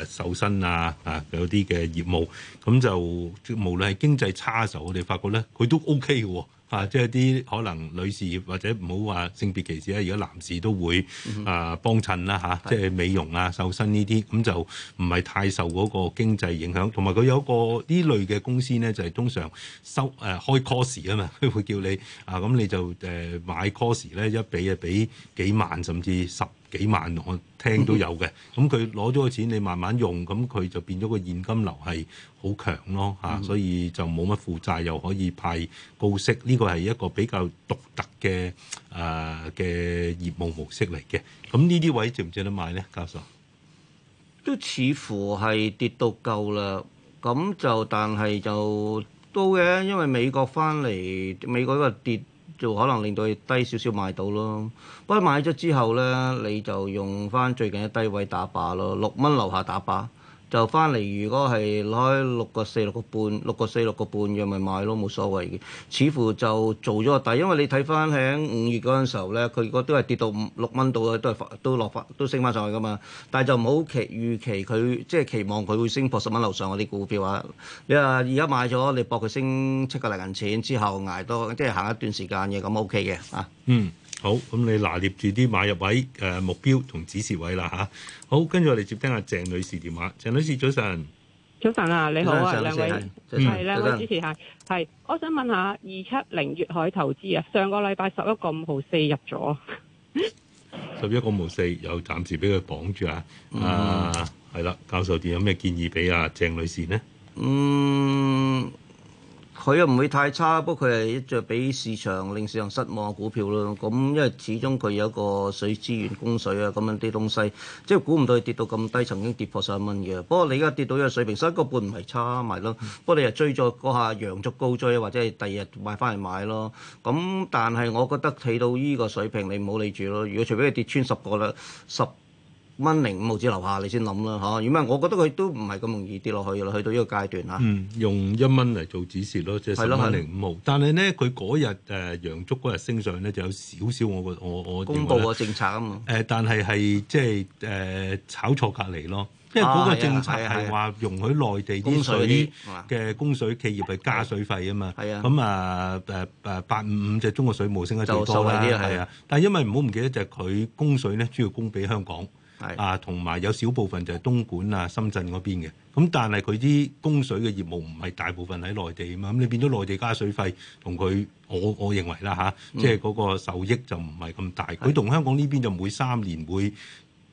誒瘦身啊，啊有啲嘅業務，咁就無論係經濟差嘅時候，我哋發覺咧佢都 O K 嘅喎。啊，即係啲可能女士業或者唔好話性別歧視啦，而家男士都會、呃、啊幫襯啦嚇，即係美容啊、瘦身呢啲，咁就唔係太受嗰個經濟影響。同埋佢有一個呢類嘅公司咧，就係、是、通常收誒、呃、開 course 啊嘛，佢會叫你啊，咁你就誒、呃、買 course 咧，一俾啊俾幾萬甚至十。幾萬我聽都有嘅，咁佢攞咗個錢，你慢慢用，咁佢就變咗個現金流係好強咯嚇，所以就冇乜負債，又可以派高息，呢個係一個比較獨特嘅誒嘅業務模式嚟嘅。咁呢啲位值唔值得買呢？教授都似乎係跌到夠啦，咁就但係就都嘅，因為美國翻嚟，美國個跌。就可能令到佢低少少買到咯，不過買咗之後咧，你就用翻最近嘅低位打靶咯，六蚊樓下打靶。就翻嚟，如果係攞六個四、六個半、六個四、六個半嘅，咪買咯，冇所謂嘅。似乎就做咗個底，因為你睇翻喺五月嗰陣時候咧，佢如果都係跌到五六蚊度嘅，都係都落翻都升翻上去噶嘛。但係就唔好期預期佢即係期望佢會升破十蚊樓上嗰啲股票啊。你話而家買咗，你搏佢升七個零銀錢之後捱多即係行一段時間嘅咁 OK 嘅啊。嗯。好，咁你拿捏住啲買入位，誒、呃、目標同指示位啦吓、啊，好，跟住我哋接聽阿鄭女士電話。鄭女士早晨，早晨啊，你好啊，晨兩位，係兩位主晨持人係。我想問下二七零粵海投資啊，上個禮拜十一個五號四入咗，十一個五號四有暫時俾佢綁住啊。嗯、啊，係啦，教授，你有咩建議俾阿、啊、鄭女士呢？嗯。佢又唔會太差，不過佢係一隻俾市場令市場失望嘅股票咯。咁因為始終佢有一個水資源供水啊咁樣啲東西，即係估唔到佢跌到咁低，曾經跌破十蚊嘅。不過你而家跌到呢個水平，十個半唔係差埋咯。不過、嗯、你又追咗嗰下陽燭高追，或者係第二日買翻嚟買咯。咁但係我覺得睇到依個水平，你唔好理住咯。如果除非佢跌穿十個啦，十。蚊零五毫子樓下，你先諗啦嚇。如果唔係，我覺得佢都唔係咁容易跌落去啦。去到呢個階段嚇，嗯，用一蚊嚟做止蝕咯，即係十蚊零五毫。但係咧，佢嗰日誒陽燭嗰日升上咧，就有少少我覺我我。我我公布呃呃、個政策啊嘛。誒，但係係即係誒炒錯隔離咯，因為嗰個政策係話容許內地啲水嘅供水企業去加水費啊嘛。係啊，咁啊誒誒八五五隻中國水務升得最多啦，係啊。但係因為唔好唔記得就係佢供水咧，主要供俾香港。啊，同埋是有少部分就係東莞啊、深圳嗰邊嘅，咁但係佢啲供水嘅業務唔係大部分喺內地啊嘛，咁你變咗內地加水費同佢，我我認為啦吓，即係嗰個受益就唔係咁大。佢同是的 香港呢邊就每三年會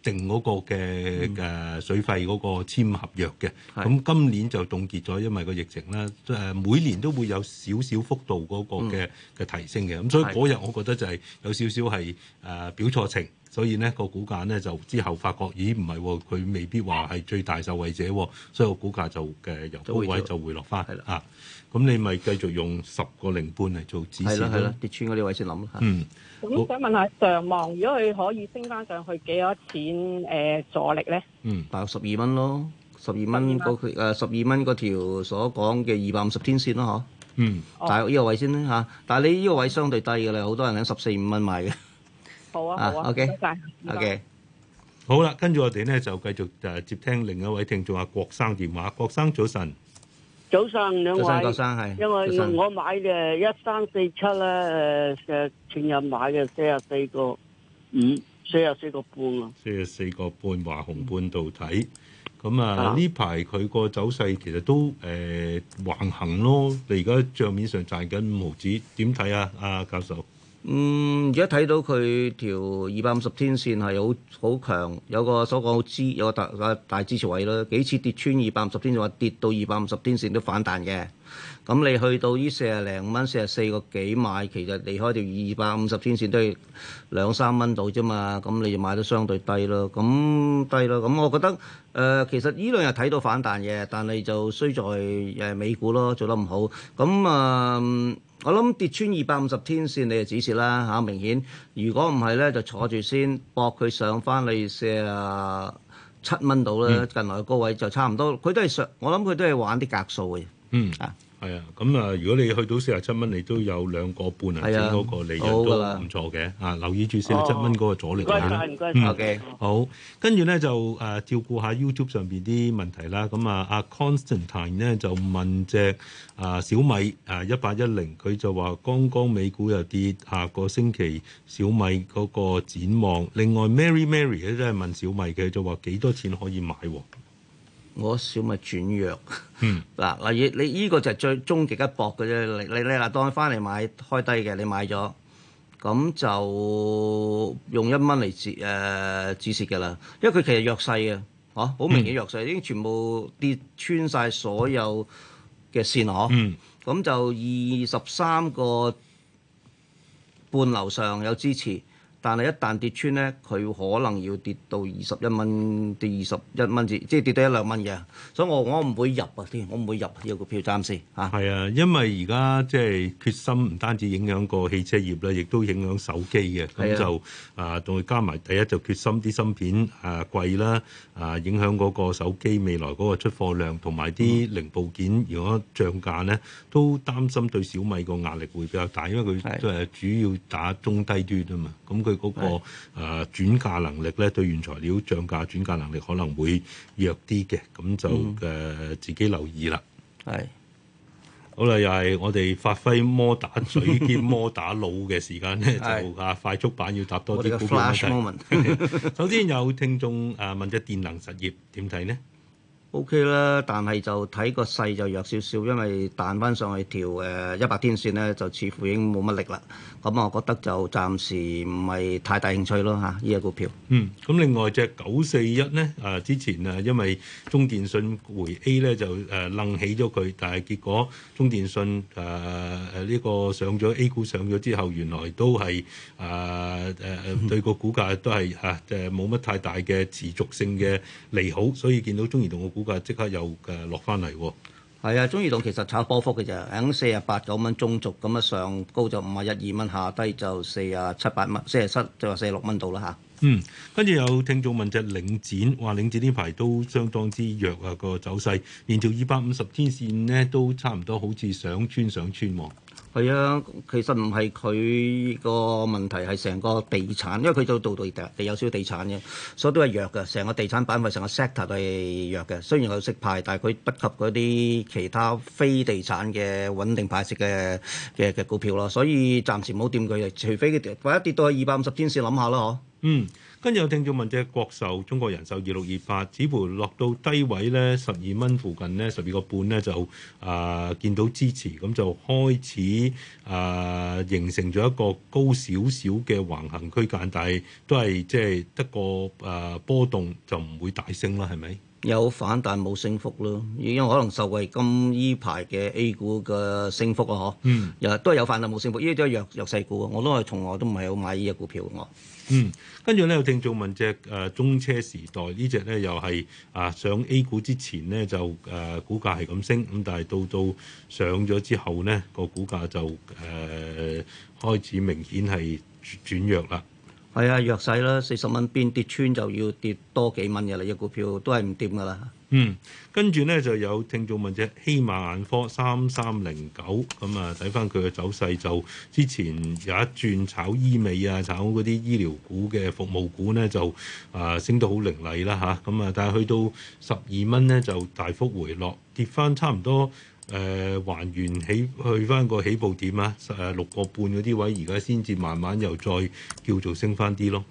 定嗰個嘅誒水費嗰個簽合約嘅，咁是的 今年就凍結咗，因為個疫情啦。誒每年都會有少少幅度嗰個嘅嘅提升嘅，咁是的 所以嗰日我覺得就係有少少係誒、呃、表錯情。所以呢個股價咧就之後發覺，咦唔係喎，佢、哦、未必話係最大受惠者喎、哦，所以個股價就嘅、呃、由高位就回落翻去啊。咁的你咪繼續用十個零半嚟做指示咯。跌穿嗰啲位先諗啦。嗯。咁想問下上望，如果佢可以升翻上去幾多錢？誒、呃、阻力咧？嗯，大約十二蚊咯，十二蚊嗰誒十二蚊嗰條所講嘅二百五十天線咯，嚇。嗯。Oh. 大約呢個位先啦吓，但係你呢個位相對低嘅啦，好多人喺十四五蚊買嘅。好啊，好啊，OK，多謝，OK，好啦，跟住我哋咧就繼續誒接聽另一位聽眾阿郭生電話。郭生早晨，早晨，兩位，因為我買嘅一三四七咧誒誒前日買嘅四十四個五，四十四個半咯，四十四個半華虹半導體，咁啊呢排佢個走勢其實都誒橫行咯。你而家賬面上賺緊五毫紙，點睇啊，阿教授？嗯，而家睇到佢條二百五十天線係好好強，有個所講好支，有個大大，大支持位咯。幾次跌穿二百五十天線，話跌到二百五十天線都反彈嘅。咁、嗯、你去到呢四廿零蚊、四十四個幾買，其實離開條二百五十天線都係兩三蚊到啫嘛。咁、嗯、你就買得相對低咯，咁、嗯、低咯。咁、嗯、我覺得誒、呃，其實呢兩日睇到反彈嘅，但係就衰在誒美股咯做得唔好。咁、嗯、啊。呃我諗跌穿二百五十天線，你就止蝕啦嚇！明顯，如果唔係咧，就坐住先，搏佢上翻去四啊七蚊度啦。嗯、近來嘅高位就差唔多，佢都係上，我諗佢都係玩啲格數嘅。嗯啊。係啊，咁啊，如果你去到四十七蚊，你都有兩個半銀紙嗰個利潤都唔錯嘅。啊，留意住四十七蚊嗰個阻力啦。唔該，唔該，好，跟住咧就誒照顧下 YouTube 上邊啲問題啦。咁啊，阿 Constantine 咧就問隻啊小米啊一八一零，佢就話剛剛美股又跌，下個星期小米嗰個展望。另外 Mary Mary 咧都係問小米嘅，就話幾多錢可以買？我小米轉弱，嗱、嗯，例如你呢個就係最終極一搏嘅啫，你你嗱當佢翻嚟買開低嘅，你買咗，咁就用一蚊嚟止誒止蝕嘅啦，因為佢其實弱勢嘅，嚇、啊、好明顯弱勢，嗯、已經全部跌穿晒所有嘅線哦，咁、啊嗯、就二十三個半樓上有支持。但係一旦跌穿咧，佢可能要跌到二十一蚊，跌二十一蚊至，即係跌多一兩蚊嘅。所以我我唔會入啊先，我唔會入呢個票暫先嚇。係啊，啊，因為而家即係決心唔單止影響個汽車業啦，亦都影響手機嘅。咁就是啊同埋、啊、加埋第一就是、決心啲芯片啊貴啦啊影響嗰個手機未來嗰個出貨量，同埋啲零部件、嗯、如果漲價咧，都擔心對小米個壓力會比較大，因為佢誒主要打中低端啊嘛。咁嗰、那個誒是、呃、轉嫁能力咧，對原材料漲價轉嫁能力可能會弱啲嘅，咁就誒、嗯呃、自己留意啦。係是，好啦，又係我哋發揮摩打水兼摩打腦嘅時間咧， (laughs) (laughs) 就啊快速版要搭多啲看。 (laughs) 首先有聽眾啊問隻電能實業點睇呢？O K 啦，但係就睇個勢就弱少少，因為彈翻上去條誒一百天線咧，就似乎已經冇乜力啦。咁我覺得就暫時唔係太大興趣咯嚇呢隻股票。嗯，咁另外隻九四一咧啊，之前啊，因為中電信回 A 咧就誒楞、啊、起咗佢，但係結果中電信誒誒呢個上咗 A 股上咗之後，原來都係誒誒對個股價都係即係冇乜太大嘅持續性嘅利好，所以見到中移動嘅股。即刻又誒落翻嚟喎，係啊，中移動其實炒波幅嘅啫，喺四啊八九蚊中續咁啊上高就五啊一二蚊，下低就四啊七八蚊，四啊七就係四啊六蚊度啦吓，嗯，跟住有聽眾問隻領展，話領展呢排都相當之弱啊個走勢，連住二百五十天線呢都差唔多，好似上穿上穿喎。係啊，其實唔係佢個問題，係成個地產，因為佢就到地地有少少地產嘅，所以都係弱嘅。成個地產板塊成個 sector 係弱嘅。雖然有息派，但係佢不及嗰啲其他非地產嘅穩定派息嘅嘅嘅股票咯。所以暫時唔好掂佢哋，除非佢跌，或者跌到去二百五十天線，諗下啦，嗬。嗯。跟住我聽到問隻國壽、中國人壽二六二八，似乎落到低位咧，十二蚊附近咧，十二個半咧就啊、呃、見到支持，咁就開始啊、呃、形成咗一個高少少嘅橫行區間，但係都係即係得個啊、呃、波動就唔會大升啦，係咪？有反彈冇升幅咯，因為可能受惠今依排嘅 A 股嘅升幅啊，嗬，又都係有反彈冇升幅，呢啲、嗯、都係弱弱勢股啊，我都係從來都唔係好買呢隻股票我。嗯，跟住咧我聽眾問隻誒、呃、中車時代隻呢隻咧又係啊上 A 股之前咧就誒、呃、股價係咁升，咁但係到到上咗之後咧個股價就誒、呃、開始明顯係轉弱啦。係啊，弱勢啦，四十蚊邊跌穿就要跌多幾蚊嘅啦，隻股票都係唔掂嘅啦。嗯，跟住咧就有聽眾問隻，希馬眼科三三零九咁啊，睇翻佢嘅走勢就之前有一轉炒醫美啊，炒嗰啲醫療股嘅服務股咧就啊、呃、升到好凌厲啦吓，咁啊，但係去到十二蚊咧就大幅回落，跌翻差唔多。誒、呃、還原起去翻個起步點啊，誒六個半嗰啲位，而家先至慢慢又再叫做升翻啲咯。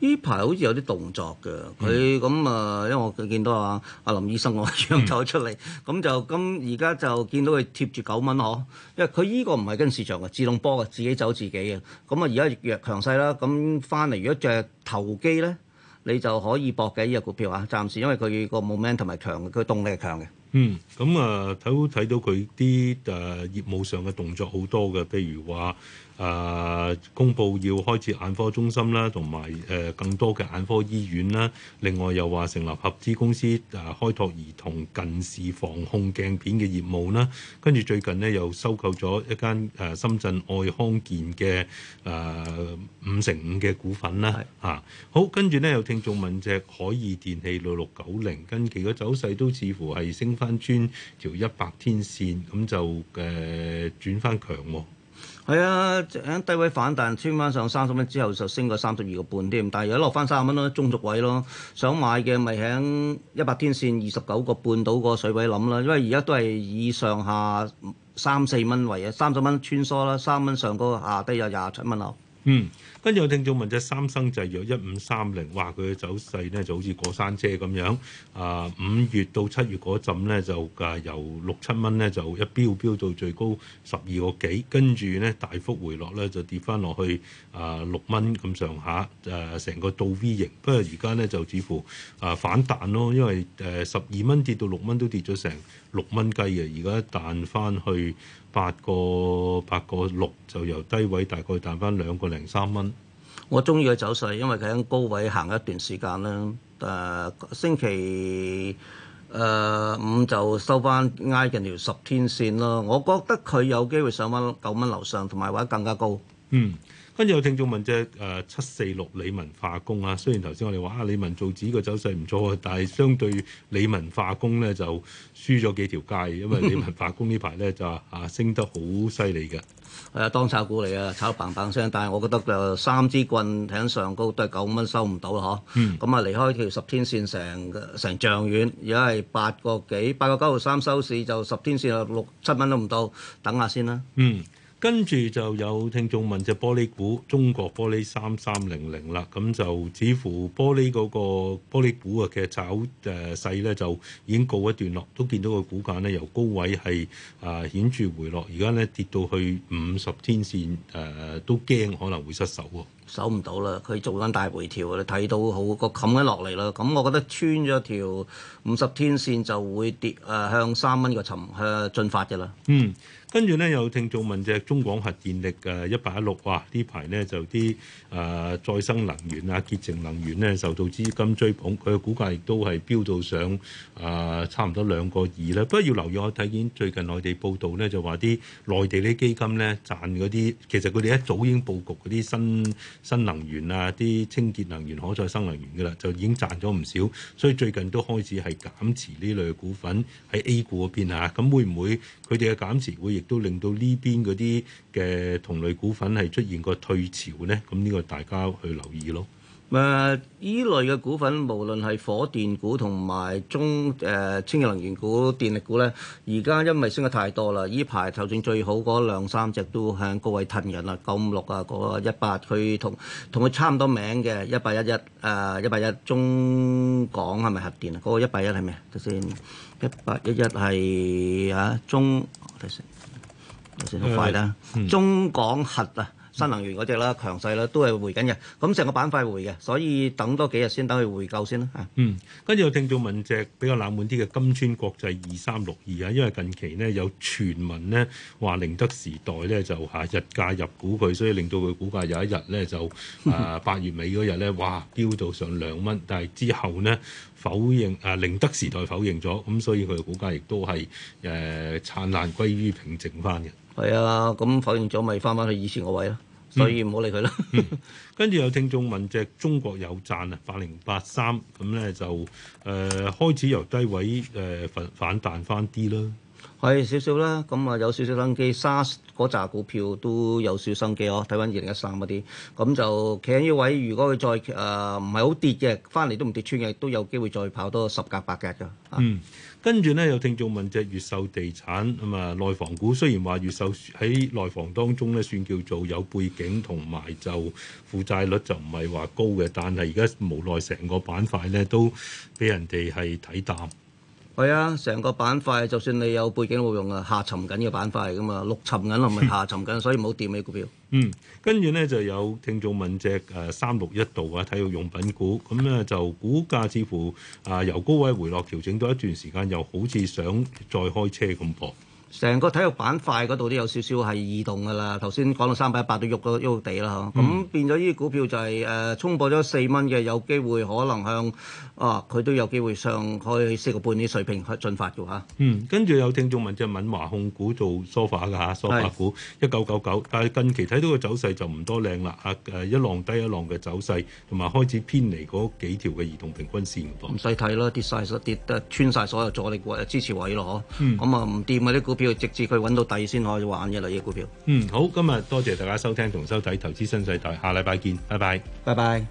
呢排好似有啲動作㗎，佢咁啊，因為我見到啊，阿林醫生個樣走出嚟，咁、嗯、就咁而家就見到佢貼住九蚊嗬，因為佢依個唔係跟市場嘅自動波啊，自己走自己嘅。咁啊，而家弱強勢啦，咁翻嚟如果著投機咧，你就可以搏嘅依個股票啊，暫時因為佢個 momentum 同、um、埋強，佢動力係強嘅。嗯，咁啊，睇到睇到佢啲誒業務上嘅動作好多嘅，譬如話，誒、呃、公佈要開設眼科中心啦，同埋誒更多嘅眼科醫院啦。另外又話成立合資公司，誒、呃、開拓兒童近視防控鏡片嘅業務啦。跟住最近呢，又收購咗一間誒、呃、深圳愛康健嘅誒、呃、五成五嘅股份啦。嚇是、啊，好，跟住呢，有聽眾問隻海爾電器六六九零近期嘅走勢都似乎係升翻穿條一百天線，咁就誒、呃、轉翻強喎、啊。係啊，喺低位反彈穿翻上三十蚊之後，就升過三十二個半添。但係而家落翻三十蚊咯，中軸位咯。想買嘅咪喺一百天線二十九個半到個水位諗啦。因為而家都係以上下三四蚊為嘢，三十蚊穿梭啦，三蚊上高下低有廿七蚊到。嗯。跟有聽眾問三星就三生製藥一五三零，話佢嘅走勢咧就好似過山車咁樣。啊、呃，五月到七月嗰陣咧就價、呃、由六七蚊咧就一飆飆到最高十二個幾，跟住咧大幅回落咧就跌翻落去啊、呃、六蚊咁上下。誒、呃，成個倒 V 型。不過而家咧就似乎啊、呃、反彈咯，因為誒、呃、十二蚊跌到六蚊都跌咗成六蚊雞嘅，而家彈翻去。八個八個六就由低位大概賺翻兩個零三蚊。我中意佢走勢，因為佢喺高位行一段時間啦。誒、呃、星期誒、呃、五就收翻挨近條十天線咯。我覺得佢有機會上翻九蚊樓上，同埋或者更加高。嗯。跟住有聽眾問啫，誒、呃、七四六理文化工啊，雖然頭先我哋話啊，理文造紙個走勢唔錯啊，但係相對理文化工咧就輸咗幾條街，因為理文化工呢排咧就啊升得好犀利嘅。係啊，當炒股嚟啊，炒到嘭嘭聲，但係我覺得誒三支棍睇上高都係九蚊收唔到嗬。咁啊，離開條十天線成成丈遠，而家係八個幾八個九毫三收市，就十天線六七蚊都唔到，等下先啦。嗯。跟住就有聽眾問：隻玻璃股，中國玻璃三三零零啦，咁就似乎玻璃嗰個玻璃股啊，其實走誒勢咧就已經告一段落，都見到個股價咧由高位係啊顯著回落，而家咧跌到去五十天線誒、呃，都驚可能會失守喎。守唔到啦，佢做緊大回調，你睇到好個冚一落嚟啦，咁我覺得穿咗條五十天線就會跌誒、呃、向三蚊個層進發嘅啦。嗯。跟住咧，有聽眾問隻中廣核電力嘅，一八一六，uh, 16, 哇！呢排呢，就啲誒、uh, 再生能源啊、潔淨能源呢，受到資金追捧，佢嘅股價亦都係飆到上誒、uh, 差唔多兩個二啦。不過要留意，我睇見最近內地報道呢，就話啲內地啲基金呢，賺嗰啲，其實佢哋一早已經佈局嗰啲新新能源啊、啲清潔能源、可再生能源㗎啦，就已經賺咗唔少，所以最近都開始係減持呢類股份喺 A 股嗰邊啊。咁會唔會佢哋嘅減持會？亦都令到呢邊嗰啲嘅同類股份係出現過退潮咧，咁、這、呢個大家去留意咯。誒、呃，依類嘅股份無論係火電股同埋中誒、呃、清潔能源股、電力股咧，而家因為升得太多啦，依排頭先最好嗰兩三隻都向高位騰人啦，九五六啊，嗰、那個一八佢同同佢差唔多名嘅一八一一誒一八一中港係咪核電、那個、等等啊？嗰個一八一係咩？睇先，一八一一係啊中睇先。好快啦！嗯、中港核啊，新能源嗰隻啦，強勢啦，都係回緊嘅。咁成個板塊回嘅，所以等多幾日先等佢回購先啦。嗯，跟住我聽眾問隻比較冷門啲嘅金川國際二三六二啊，因為近期呢有傳聞呢話寧德時代咧就嚇日價入股佢，所以令到佢股價有一日咧就啊呃、八月尾嗰日咧，哇飆到上兩蚊，但係之後呢，否認啊、呃、寧德時代否認咗，咁、嗯、所以佢嘅股價亦都係誒燦爛歸於平靜翻嘅。係啊，咁否認咗咪翻返去以前個位咯，嗯、所以唔好理佢啦。跟住有聽眾問隻中國有贊啊，八零八三咁咧就誒、呃、開始由低位誒、呃、反反彈翻啲啦。係少少啦，咁啊有少少生機，沙士嗰扎股票都有少生機哦。睇翻二零一三嗰啲，咁就企喺呢位。如果佢再誒唔係好跌嘅，翻嚟都唔跌穿嘅，都有機會再跑多十格八格㗎、啊嗯。嗯，跟住咧有聽眾問隻越秀地產咁啊內房股，雖然話越秀喺內房當中咧算叫做有背景同埋就負債率就唔係話高嘅，但係而家無奈成個板塊咧都俾人哋係睇淡。係啊，成個板塊就算你有背景冇用啊，下沉緊嘅板塊嚟噶嘛，陸沉緊同埋下沉緊， (laughs) 所以唔好掂呢股票。嗯，跟住咧就有聽眾問隻誒三六一度啊，體育用品股，咁、嗯、咧就股價似乎啊、呃、由高位回落調整咗一段時間，又好似想再開車咁噃。成個體育板塊嗰度都有少少係異動噶啦，頭先講到三百一八都喐個喐地啦，咁變咗呢啲股票就係誒衝破咗四蚊嘅，有機會可能向啊佢都有機會上去四個半啲水平去進發嘅嚇。嗯，跟住有聽眾問隻敏華控股做 sofa 㗎嚇，sofa 股一九九九，但係近期睇到個走勢就唔多靚啦，啊誒一浪低一浪嘅走勢，同埋開始偏離嗰幾條嘅移動平均線。唔使睇啦，跌曬跌得穿晒所有阻力位支持位咯嗬，咁啊唔掂啊，呢股票直至佢揾到底先可以玩嘅類型股票。嗯，好，今日多謝大家收聽同收睇《投資新世代》，下禮拜見，拜拜，拜拜。